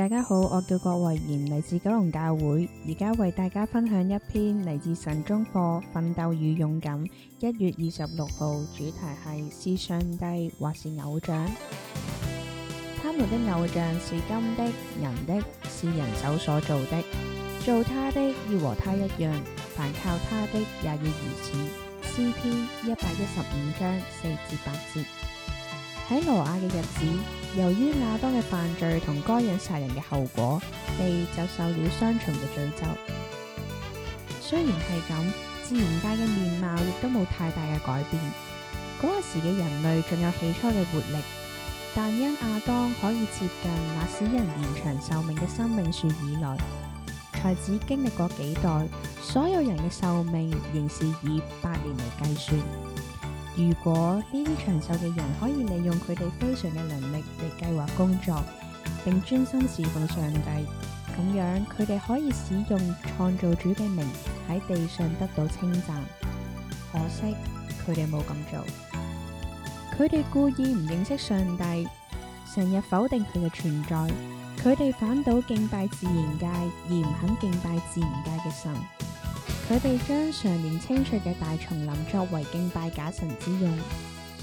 大家好，我叫郭慧妍，嚟自九龍教會，而家為大家分享一篇嚟自神中課《奮鬥與勇敢》，一月二十六號，主題係是，是上帝或是偶像？他們的偶像，是金的，銀的，是人手所做的。做他的要和他一樣，凡靠他的也要如此。詩篇一百一十五章四至八節。喺羅亞嘅日子，由於亞當嘅犯罪同該隱殺人嘅後果，被就受了雙重嘅詛咒。雖然係咁，自然界嘅面貌亦都冇太大嘅改變。嗰、那個時嘅人類仲有起初嘅活力，但因亞當可以接近那使人延長壽命嘅生命樹以來，才只經歷過幾代，所有人嘅壽命仍是以百年嚟計算。如果呢啲長壽嘅人可以利用佢哋非常嘅能力嚟計劃工作，並專心侍奉上帝，咁樣佢哋可以使用創造主嘅名喺地上得到稱讚。可惜佢哋冇咁做，佢哋故意唔認識上帝，成日否定佢嘅存在，佢哋反倒敬拜自然界而唔肯敬拜自然界嘅神。佢哋將常年青翠嘅大叢林作為敬拜假神之用。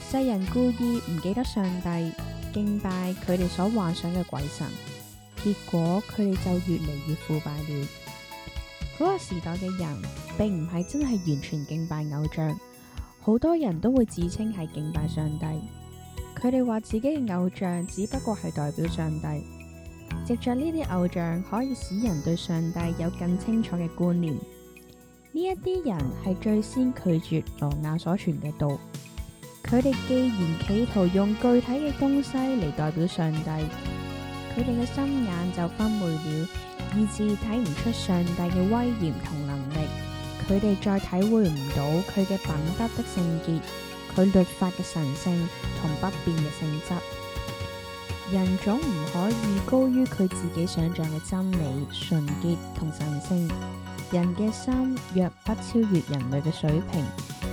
世人故意唔記得上帝，敬拜佢哋所幻想嘅鬼神，結果佢哋就越嚟越腐敗了。嗰個時代嘅人，並唔係真係完全敬拜偶像，好多人都會自稱係敬拜上帝。佢哋話自己嘅偶像只不過係代表上帝，藉着呢啲偶像可以使人對上帝有更清楚嘅觀念。呢一啲人係最先拒絕挪亞所傳嘅道，佢哋既然企圖用具體嘅東西嚟代表上帝，佢哋嘅心眼就昏昧了，以致睇唔出上帝嘅威嚴同能力，佢哋再體會唔到佢嘅品德的聖潔，佢律法嘅神聖同不變嘅性質。人總唔可以高於佢自己想象嘅真理、純潔同神聖。人嘅心若不超越人類嘅水平，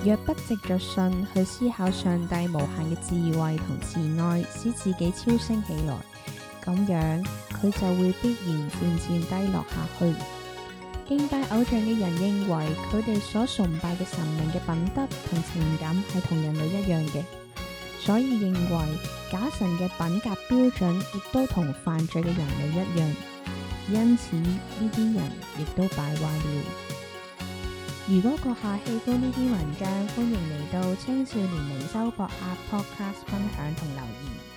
若不藉着信去思考上帝無限嘅智慧同慈愛，使自己超升起來，咁樣，佢就會必然漸漸低落下去。敬拜偶像嘅人認為，佢哋所崇拜嘅神明嘅品德同情感係同人類一樣嘅，所以認為假神嘅品格標準亦都同犯罪嘅人類一樣。因此呢啲人亦都敗壞了。如果閣下喜歡呢啲文章，歡迎嚟到青少年靈修博客 podcast 分享同留言。